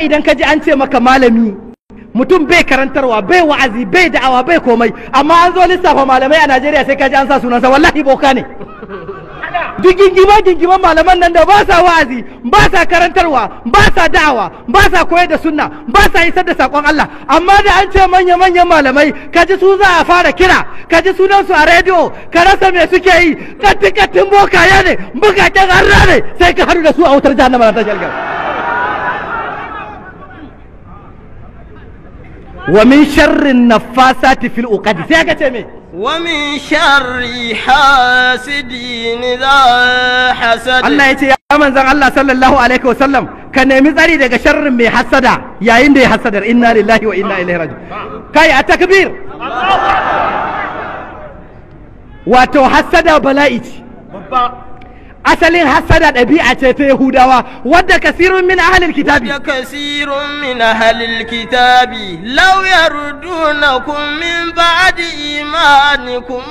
idan ka ji an ce maka malami mutum bai karantarwa bai wa'azi bai da'awa bai komai amma an zo lissafa malamai a najeriya sai ka ji an sa sunansa wallahi boka ne duk gingima gingiman malaman nan da ba sa wa'azi ba sa karantarwa ba sa da'awa ba sa koyar da sunna ba sa isar da sakon Allah amma da an ce manya manyan malamai ka ji su za a fara kira ka ji sunan su a rediyo ka rasa me suke yi katikatin boka bokaye ne bukaken harra ne sai ka haɗu da su a wutar jahannama ta jalgar wa min sharrin naffasati fil uqad sai ka ce me wa min sharri hasidin idha hasad Allah yace ya manzon Allah sallallahu alaihi wa sallam ka nemi tsari daga sharrin mai hasada yayin da ya hasadar inna lillahi wa inna ilaihi kai a takbir wato hasada bala'i asalin hasada ɗabi'a ce ta yahudawa wadda kasirun min ahalil kitabi wadda kasirun min ahalil kitabi law yardunakum min ba'di imanikum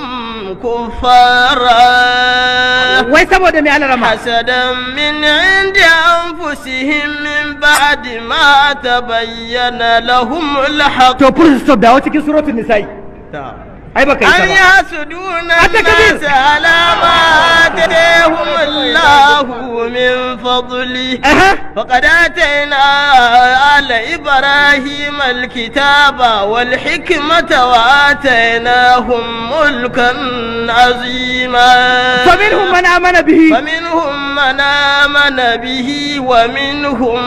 kuffara wai saboda me alarama hasadan min indi anfusihim min ba'di ma tabayyana lahum alhaq to put stop da wata cikin nisa'i ta ai baka yi ta ba ya suduna nas ala ma atahum Allah min fadli faqad atayna ala ibrahim alkitaba wal hikmata wa atainahum mulkan azima faminhum man amana bihi faminhum man amana bihi wa minhum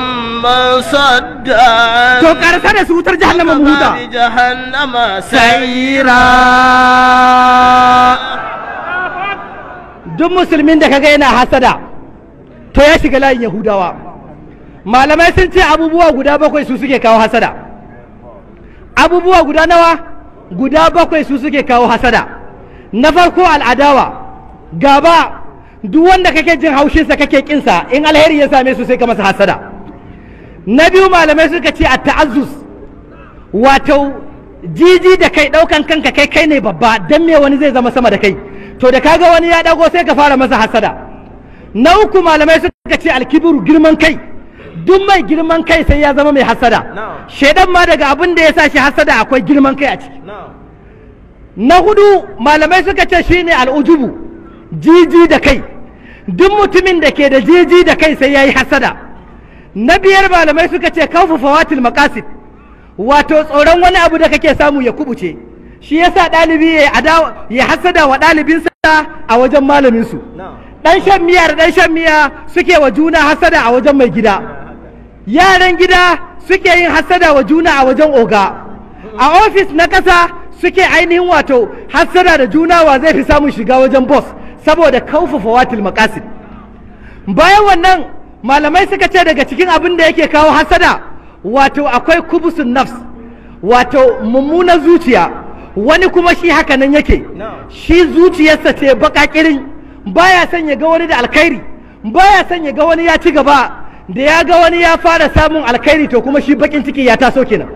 man sadda to karsa da su wutar jahannama mu huta jahannama sayira duk musulmin da kaga yana hasada to ya shiga layin yahudawa malamai sun ce abubuwa guda bakwai su suke kawo hasada abubuwa guda nawa guda bakwai su suke kawo hasada na farko al'adawa gaba duk wanda kake jin haushinsa kake kinsa in alheri ya same su sai ka masa hasada na biyu malamai suka ce a ta'azzus wato jiji da kai ɗaukan kanka kai kai ne babba dan me wani zai zama sama da kai to da kaga wani ya dago sai ka fara masa hasada na uku malamai suka ce alkibiru girman kai duk mai girman kai sai ya zama mai hasada shaidan ma daga abin da ya sa shi hasada akwai girman kai a ciki na hudu malamai suka ce shine al'ujubu jiji da kai duk mutumin da ke da jiji da kai sai ya yi hasada na biyar malamai suka ce kawfa fawatil maqasid wato tsoron wani abu da kake samu ya kubuce shi yasa ɗalibi ya hasada wa ɗalibinsa a wajen malaminsu ɗan shan miya da ɗan shan miya suke wa juna hasada a wajen mai gida yaran gida suke yin hasada wa juna a wajen oga a ofis na ƙasa suke ainihin wato hasada da juna wa zai fi samun shiga wajen bos saboda kaufafa watil makasid bayan wannan malamai suka ce daga cikin abin da yake kawo hasada wato akwai kubusun nafs wato mummunan zuciya wani kuma shi hakanan nan yake shi zuciyarsa ce baka kirin baya son ya ga wani da alkhairi baya son ya ga wani ya ci gaba da ya ga wani ya fara samun alkhairi to kuma shi bakin ciki ya taso kenan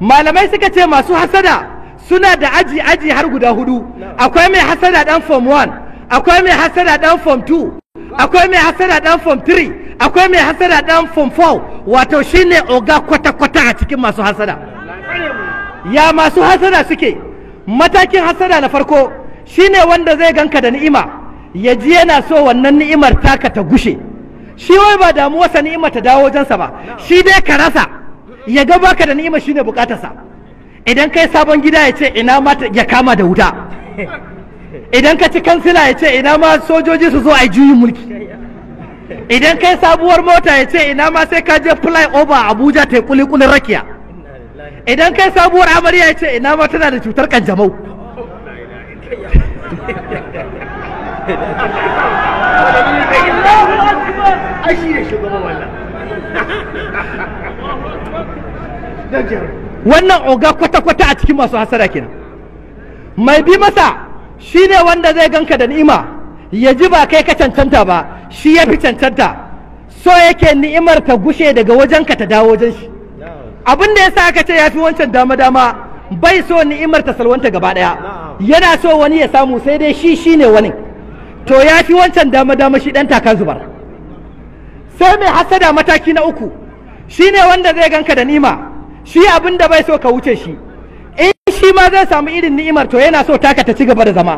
malamai suka ce masu hasada suna da aji aji har guda hudu akwai mai hasada dan form 1 akwai mai hasada dan form 2 akwai mai hasada dan form 3 akwai mai hasada dan 4 wato shine oga kwata-kwata a cikin masu hasada ya masu hasada suke matakin hasada na farko shine wanda zai ganka da ni'ima ya ji yana so wannan ni'imar taka ta gushe shi wai ba damuwarsa ni'imar ta dawo wajensa ba shi dai ka rasa ya ga baka da ni'ima shine bukatarsa idan kai sabon gida ya ce ina ma ya kama da wuta idan ka ci kansila ya ce ina ma sojoji su zo a juyin mulki idan kai sabuwar mota ya ce ina ma sai ka je fly over abuja ta kuli rakiya idan kai sabuwar amarya ya ce ina ma tana da cutar kanjamau wannan oga kwata-kwata a cikin masu hasara kenan mai bi masa shine wanda zai ganka da ni'ima ya ji ba kai ka cancanta ba shi ya fi cancanta so yake ni'imar ta gushe daga wajen ka ta dawo wajen shi abin da yasa aka ce ya fi wancan dama dama bai so ni'imar ta salwanta gaba daya yana so wani ya samu sai dai shi shi ne wani to ya fi wancan dama dama shi dan taka zubar sai mai hasada mataki na uku Shi ne wanda zai ganka da nima shi abin da bai so ka wuce shi shi ma zai samu irin ni'imar to yana so taka ta ci gaba da zama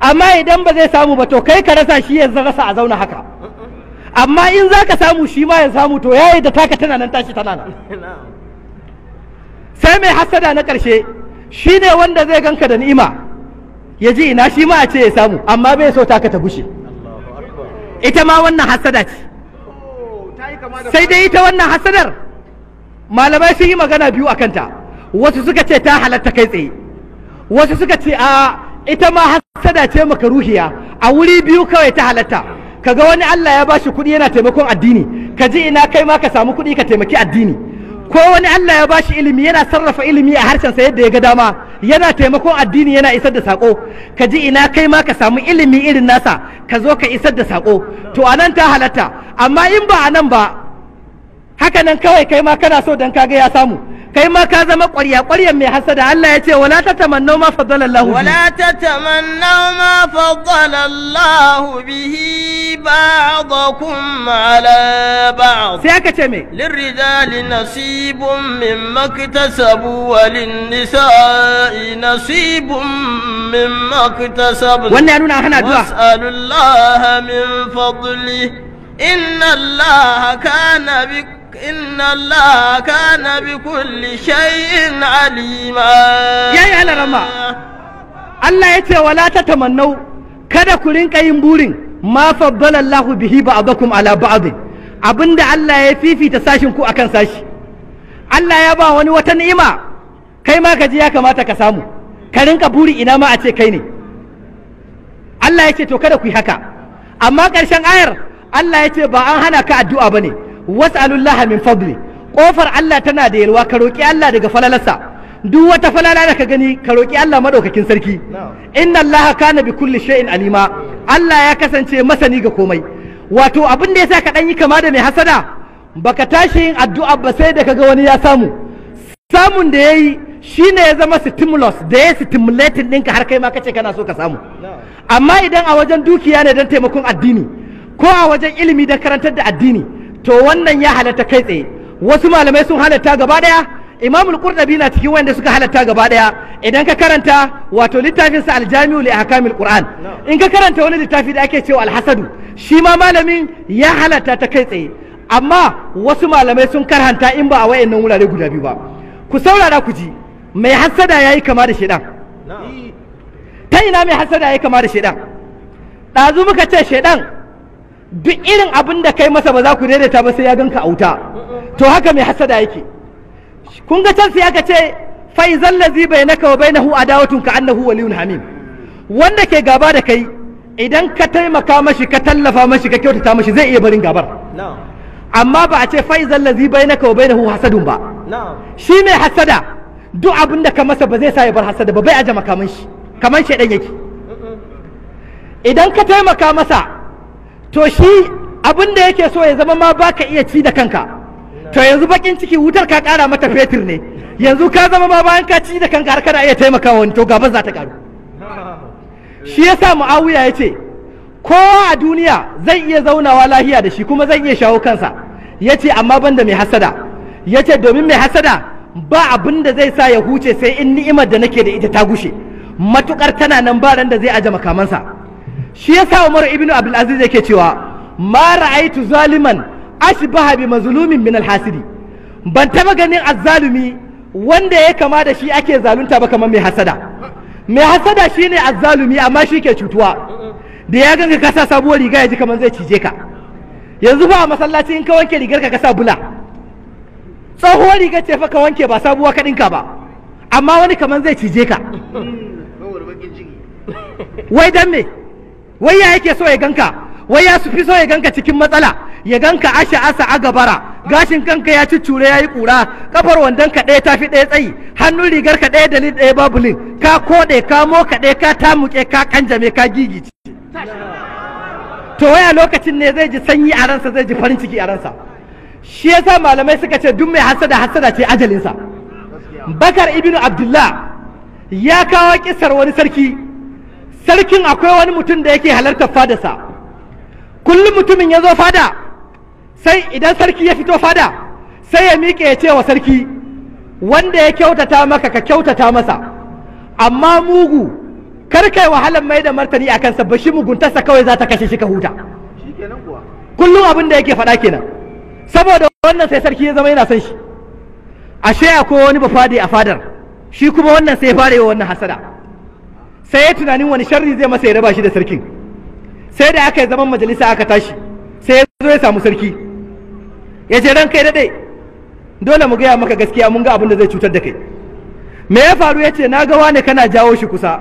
amma idan ba zai samu ba to kai ka rasa shi ya rasa a zauna haka amma in za ka samu shi ma ya samu to yayi da taka tana nan tashi tana nan sai mai hasada na ƙarshe shi ne wanda zai ganka da ni'ima ya ji ina shi ma a ce ya samu amma bai so taka ta gushe ita ma wannan hasada ce oh, sai dai ita wannan hasadar malamai sun yi magana biyu a kanta wasu suka ce ta halatta kai tsaye wasu suka ce a ita ma hasada ce maka ruhiya, a wuri biyu kawai ta halatta kaga wani Allah ya bashi kuɗi yana taimakon addini ka ji ina kai ma ka samu kuɗi ka taimaki addini ko wani Allah ya bashi ilimi yana sarrafa ilimi a harshen sa yadda ya ga dama yana taimakon addini yana isar da sako ka ji ina kai ma ka samu ilimi irin nasa ka zo ka isar da sako to anan ta halatta amma in ba anan ba haka nan kawai kai ma kana so dan kaga ya samu kai ma ka zama ƙwarya ƙwaryan mai hasada Allah ya ce wala tatamannu ma faddala Allah wala tatamannu ma faddala Allah bihi ba'dakum ala ba'd sai aka ce me lirrijali nasibun mimma iktasabu wa lin-nisa'i nasibun mimma iktasabu wannan ya nuna hana addu'a was'alullaha min fadli inna Allah kana bi إن الله كان بكل شيء عليما يا يا لرما الله يتي ولا تتمنوا kada ku rinka yin burin ma faddala Allahu bihi ba'dakum ala ba'd abinda Allah ya fifita sashin ku akan sashi Allah ya ba wani wata ni'ima kai ma ka ji ya kamata ka samu ka rinka buri ina ma a ce kai ne Allah ya ce to kada ku yi haka amma ƙarshen ayar Allah ya ce ba an hana ka addu'a bane was'alullah min fadli kofar Allah tana da yalwa ka roki Allah daga falalarsa duk wata falala da ka gani ka roki Allah madaukakin sarki inna Allah kana bi kulli shay'in alima Allah ya kasance masani ga komai wato abin da yasa ka dan yi kama da mai hasada baka tashi yin addu'a ba sai da kaga wani ya samu samun da yayi shine ya zama stimulus da ya stimulating ɗinka har kai ma kace kana so ka samu amma idan a wajen dukiya ne don taimakon addini ko a wajen ilimi don karantar da addini to wannan ya halatta kai tsaye wasu malamai sun halatta gaba daya imam al-qurtubi na cikin wanda suka halatta gaba daya idan ka karanta wato littafin sa al-jami'u li qur'an in ka karanta wani littafi da ake cewa al-hasadu shi ma malamin ya halatta ta kai tsaye amma wasu malamai sun karhanta in ba a wayannan wurare guda biyu ba ku saurara ku ji mai hasada yayi kama da shedan ta ina mai hasada yayi kama da shedan ɗazu muka ce shedan duk irin abin da kai masa ba za ku daidaita ba sai ya ganka auta to haka mai hasada yake kun ga can sai aka ce faizan lazi bai naka wa bainahu adawatun ka annahu waliyun hamim wanda ke gaba da kai idan ka taimaka mashi ka tallafa mashi ka kyautata mashi zai iya barin gabar amma ba a ce faizan lazi bai bai na hu hasadun ba shi mai hasada duk abin da ka masa ba zai sa ya bar hasada ba bai aje makamin shi kamar shaidan yake idan ka taimaka masa to shi abin da yake so ya zama ma baka iya ci da kanka to yanzu bakin ciki wutar ka kara mata fetur ne yanzu ka zama ma bayan ka ci da kanka har kana iya taimakawa wani to gaba za ta karu shi yasa muawiya ya ce kowa a duniya zai iya zaunawa lahiya da shi kuma zai iya shawo kansa ya ce amma banda mai hasada ya ce domin mai hasada ba abin da zai sa ya huce sai in ni'imar da nake da ita ta gushe matukar tana nan ba ran da zai aje makamansa shi yasa Umar ibn Abdul Aziz yake cewa ma ra'aitu zaliman ashbaha bi mazlumin min al-hasidi ban taba ganin azzalumi wanda ya kama da shi ake zalunta ba kamar mai hasada mai hasada shine azzalumi amma shi ke cutuwa da ya ganka kasa sabuwar riga ya ji kamar zai cije ka yanzu ba a masallaci in ka wanke rigar ka kasa bula tsohuwar rigar ce fa ka wanke ba sabuwa ka dinka ba amma wani kamar zai cije ka wai dan me wai ya yake so ya ganka wai ya fi so ya ganka cikin matsala ya ganka asha asa a gabara gashin kanka ya ci cure ya yi kura kafar wandon ka ɗaya tafi ɗaya tsayi hannun rigar ka ɗaya dalil ɗaya babu lin ka koɗe ka moka ɗaya ka tamuke ka kanjame ka gigice to waya lokacin ne zai ji sanyi a ransa zai ji farin ciki a ransa shi yasa malamai suka ce duk mai hasada hasada ce ajalinsa bakar ibnu abdullah ya kawo kisar wani sarki sarkin akwai wani mutum da yake halartar fadarsa kullum mutumin ya zo fada sai idan sarki ya fito fada sai ya miƙe ya ce wa sarki wanda ya kyautata maka ka kyautata masa amma mugu kar kai wahalar mai da martani a kansa ba shi muguntarsa kawai za ta kashe shi ka huta kullum abin da yake faɗa kenan saboda wannan sai sarki ya zama yana son shi ashe akwai wani fadi a fadar shi kuma wannan sai ya fara yi wannan hasada sai ya tunanin wani sharri zai masa ya raba shi da sarkin sai da aka yi zaman majalisa aka tashi sai ya zo ya samu sarki ya ce ran kai dai dole mu gaya maka gaskiya mun ga abin da zai cutar da kai me ya faru ya ce na ga wane kana jawo shi kusa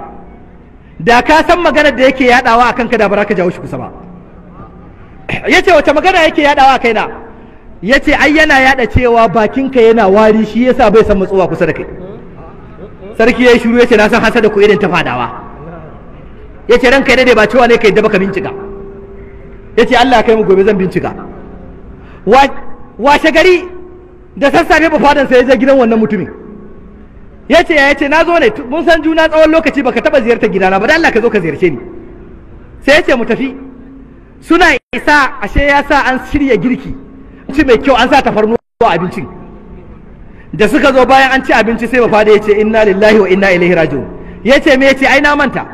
da ka san maganar da yake yaɗawa a kanka da ba ka jawo shi kusa ba ya ce wace magana yake yadawa a kaina ya ce ai yana yada cewa bakinka yana wari shi yasa bai san matsuwa kusa da kai sarki ya yi shiru yace na san hasada ku irin ta fadawa yace ranka dai ba cewa ne kai daba ka bincika yace Allah kai mu gobe zan bincika washe gari da sassafe ba fadan sai ya je gidan wannan mutumin yace ya ce na zo ne mun san juna tsawon lokaci baka taba ziyartar gidana ba dan Allah ka zo ka ziyarce ni sai yace mu tafi suna isa ashe ya sa an shirya girki ci mai kyau an sa tafarnuwa abincin da suka zo bayan an ci abinci sai bafada ya ce inna lillahi wa inna ilaihi raji'un ya ce me ya ce ai na manta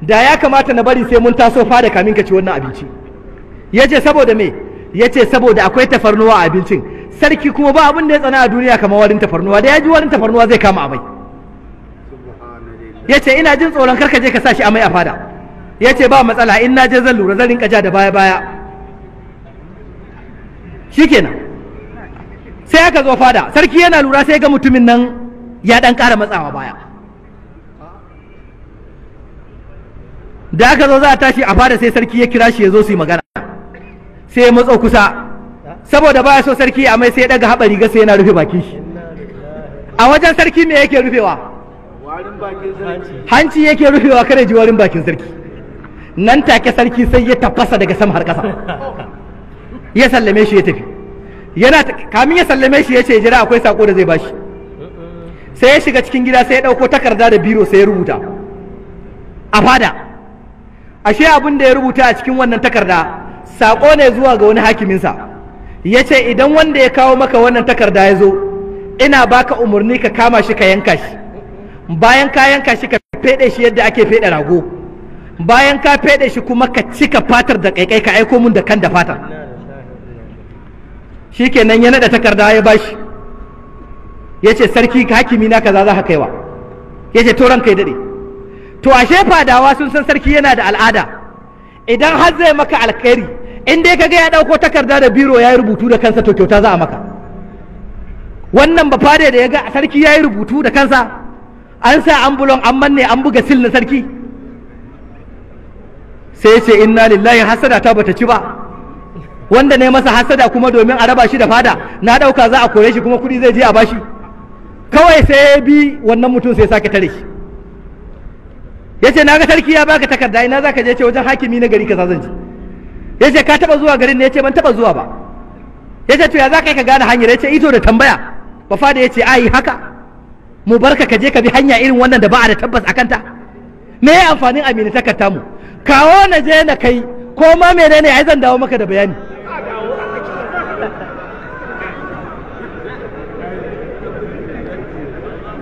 da ya kamata na bari sai mun taso fada kamin ka ci wannan abinci ya ce saboda me ya ce saboda akwai tafarnuwa a abincin sarki kuma ba abin da ya tsana a duniya kamar warin tafarnuwa da ya ji warin tafarnuwa zai kama amai ya ce ina jin tsoron karka je ka sa shi amai a fada ya ce ba matsala in na je zan lura zan rinka ja da baya baya shikenan sai aka zo fada sarki yana lura sai ga mutumin nan ya dan kara matsawa baya da aka zo za a tashi a fada sai sarki ya kira shi ya zo su yi magana sai ya matso kusa saboda baya so sarki a mai sai ya daga haɓa riga sai yana rufe bakin shi a wajen sarki me yake rufewa hanci yake rufewa kada ji warin bakin sarki nan take sarki sai ya tafasa daga sama har kasa ya sallame shi ya tafi yana kamin ya sallame shi ya ce jira akwai sako da zai bashi sai ya shiga cikin gida sai ya ɗauko takarda da biro sai ya rubuta a fada ashe abin da ya rubuta a cikin wannan takarda sako ne zuwa ga wani hakimin sa ya ce idan wanda ya kawo maka wannan takarda ya zo ina baka umarni ka kama shi ka yanka shi bayan ka yanka shi ka fede shi yadda ake feɗe rago bayan ka fede shi kuma ka cika fatar da kaikai ka aiko mun da kan da fatar shi nan ya nada takarda ya bashi ce sarki hakimi na kaza za ka kaiwa Ya ce ranka kai dade to ashe fadawa sun san sarki yana da al'ada idan har zai maka alkhairi in dai kaga ya ɗauko takarda da biro ya yi rubutu da kansa to kyauta za a maka wannan ba fade da ya ga sarki ya yi rubutu da kansa an sa ambulon an manne an buga sil na sarki sai ya ce inna lillahi hasada ta bata ci ba wanda ne masa hasada kuma domin a raba shi da fada na ɗauka za a kore shi kuma kuɗi zai je a bashi kawai sai ya bi wannan mutum sai sake tare shi ya na ga sarki ya baka takarda ina za je ce wajen hakimi na gari ka zan je ya ka taba zuwa garin ne ya ce ban taba zuwa ba ya to ya za ka gane hanyar ya ce ito da tambaya ba fada ya ce ayi haka mu barka ka je ka bi hanya irin wannan da ba a da tabbas a kanta me ya amfanin amini takarda mu kawo na je na kai ko ma menene ai zan dawo maka da bayani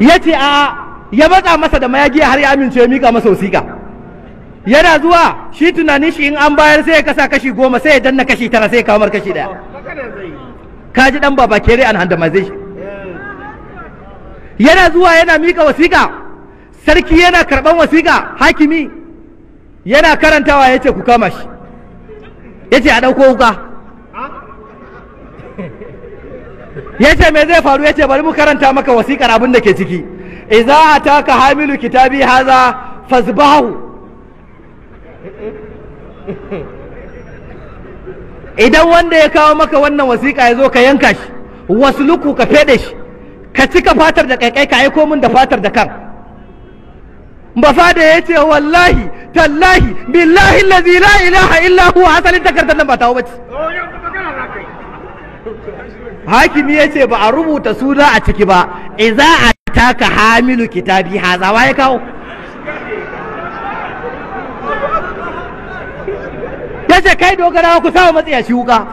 ya ce a ya matsa masa da mayagi har ya amince ya mika masa wasiƙa yana zuwa shi tunanin shi in an bayar sai ya kasa kashi goma sai ya danna kashi tara sai ya kawo kashi ɗaya ka ji dan baba kere an shi yana zuwa yana mika wasiƙa sarki yana karɓan wasiƙa hakimi yana karantawa ya ce ku kama shi ya ce a ɗauko wuka Ya ce me zai faru Ya ce bari mu karanta maka wasiƙar abin da ke ciki a taka hamilu kitabi haza fasbahu idan wanda ya kawo maka wannan wasiƙa ya zo ka yanka shi wasu luku ka fede shi ka cika fatar da kaikai ka aiko min da fatar da kan ba fada ya ce wallahi tallahi billahi lazi la ilaha asalin takardar nan ba ta bace hakimi ya ce ba a rubuta suna a ciki ba za a taka hamilu kitabi hazawa ya kawo ya ce kai dogara ku wa matsaya shi wuka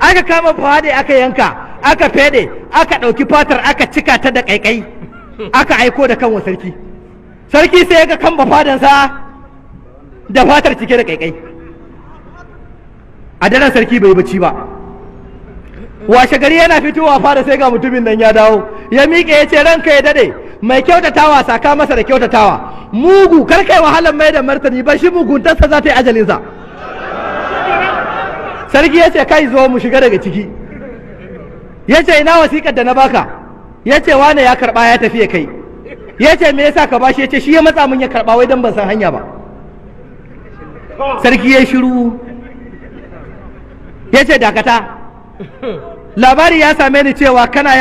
aka kama fade aka yanka aka fede aka ɗauki fatar aka cika ta da ƙaiƙai aka aiko da kanwa sarki sarki sai ya kamba fadansa da fatar cike da ƙaiƙai a daren sarki bai bacci ba washe gari yana fitowa fara sai ga mutumin nan ya dawo ya miƙe ya ce ranka ya dade mai kyautatawa saka masa da kyautatawa mugu kar kai wahalar mai da martani ba shi muguntarsa za ta yi ajalinsa sarki ya ce kai zo mu shiga daga ciki ya ce ina wasiƙar da na baka ya ce wane ya karɓa ya tafi ya kai ya ce me yasa ka bashi ya ce shi ya matsa min ya karɓa wai dan ban san hanya ba sarki ya shiru ya ce dakata labari ya same ni cewa kana